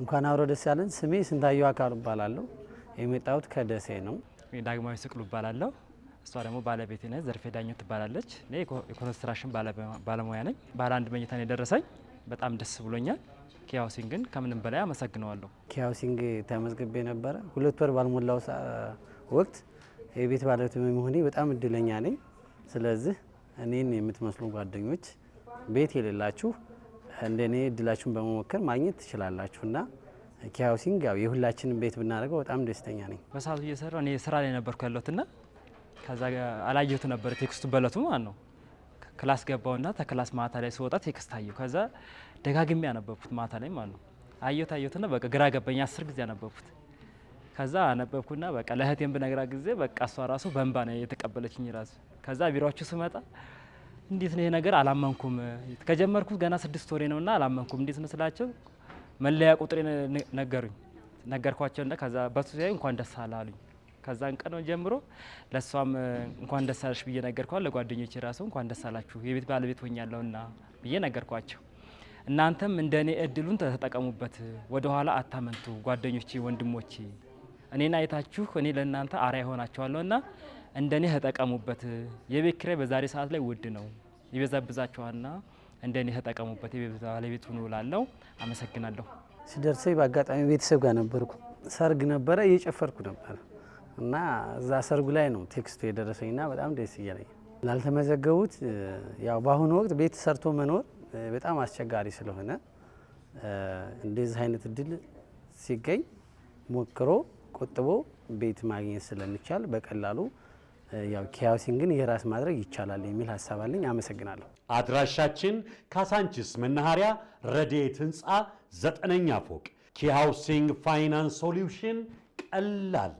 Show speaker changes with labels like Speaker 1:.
Speaker 1: እንኳን አብሮ ደስ ያለን። ስሜ ስንታየው አካሉ እባላለሁ። የመጣሁት ከደሴ ነው።
Speaker 2: ዳግማዊ ስቅሉ እባላለሁ። እሷ ደግሞ ባለቤቴ ነች፣ ዘርፌ ዳኘው ትባላለች። እኔ የኮንስትራክሽን ባለሙያ ነኝ። ባለ አንድ መኝታ ነው የደረሰኝ። በጣም ደስ ብሎኛል። ኪያውሲንግን ከምንም በላይ አመሰግነዋለሁ።
Speaker 1: ኪያውሲንግ ተመዝግቤ ነበረ። ሁለት ወር ባልሞላው ወቅት የቤት ባለቤት በመሆኔ በጣም እድለኛ ነኝ። ስለዚህ እኔን የምትመስሉ ጓደኞች ቤት የሌላችሁ እንደኔ እድላችሁን በመሞከር ማግኘት ትችላላችሁና ኪ ያው የሁላችንም ቤት ብናደርገው በጣም ደስተኛ ነኝ።
Speaker 2: በሰዓቱ እየሰራው እኔ ስራ ላይ ነበርኩ ያለትና ከዛ አላየሁት ነበር ቴክስቱ በለቱ ማለት ነው። ክላስ ገባውና ተክላስ ማታ ላይ ስወጣ ቴክስት አየሁ። ከዛ ደጋግሜ ያነበብኩት ማታ ላይ ማለት ነው። አየሁት አየሁትና በቃ ግራ ገባኝ። አስር ጊዜ ያነበብኩት ከዛ አነበብኩና በቃ ለእህቴም ብነግራ ጊዜ በቃ እሷ ራሱ በእንባ ነው የተቀበለችኝ ራሱ ከዛ ቢሮአችሁ ስመጣ እንዴት ነው ይሄ ነገር አላመንኩም። ከጀመርኩት ገና ስድስት ወሬ ነውና አላመንኩም። እንዴት ነው ስላቸው መለያ ቁጥሬ ነገሩኝ እንደ ከዛ በሱ ሲያዩ እንኳን ደስ አላሉኝ። አሉኝ። ከዛን ቀን ጀምሮ ለእሷም እንኳን ደስ አለሽ ብዬ ነገርኳል። ለጓደኞች ራሱ እንኳን ደስ አላችሁ የቤት ባለቤት ሆኛለሁና ብዬ ነገርኳቸው። እናንተም እንደ እኔ እድሉን ተጠቀሙበት፣ ወደ ኋላ አታመንቱ። ጓደኞቼ፣ ወንድሞቼ እኔን አይታችሁ እኔ ለእናንተ አርአያ ሆናችኋለሁና እንደኔ ተጠቀሙበት። የቤት ኪራይ በዛሬ ሰዓት ላይ ውድ ነው። ይበዛብዛችኋልና እንደኔ ተጠቀሙበት፣ የቤት ባለቤት ሁኑ እላለሁ። አመሰግናለሁ።
Speaker 1: ሲደርሰኝ በአጋጣሚ ቤተሰብ ጋር ነበርኩ፣ ሰርግ ነበረ፣ እየጨፈርኩ ነበር እና እዛ ሰርጉ ላይ ነው ቴክስቱ የደረሰኝና በጣም ደስ እያለኝ ላልተመዘገቡት ያው በአሁኑ ወቅት ቤት ሰርቶ መኖር በጣም አስቸጋሪ ስለሆነ እንደዚህ አይነት እድል ሲገኝ ሞክሮ ቆጥቦ ቤት ማግኘት ስለሚቻል በቀላሉ ያው ግን የራስ ማድረግ ይቻላል የሚል ሀሳብ አለኝ። አመሰግናለሁ።
Speaker 3: አድራሻችን ካሳንቺስ መናኸሪያ ረድኤት ህንፃ ዘጠነኛ ፎቅ ኪሃውሲንግ ፋይናንስ ሶሉሽን ቀላል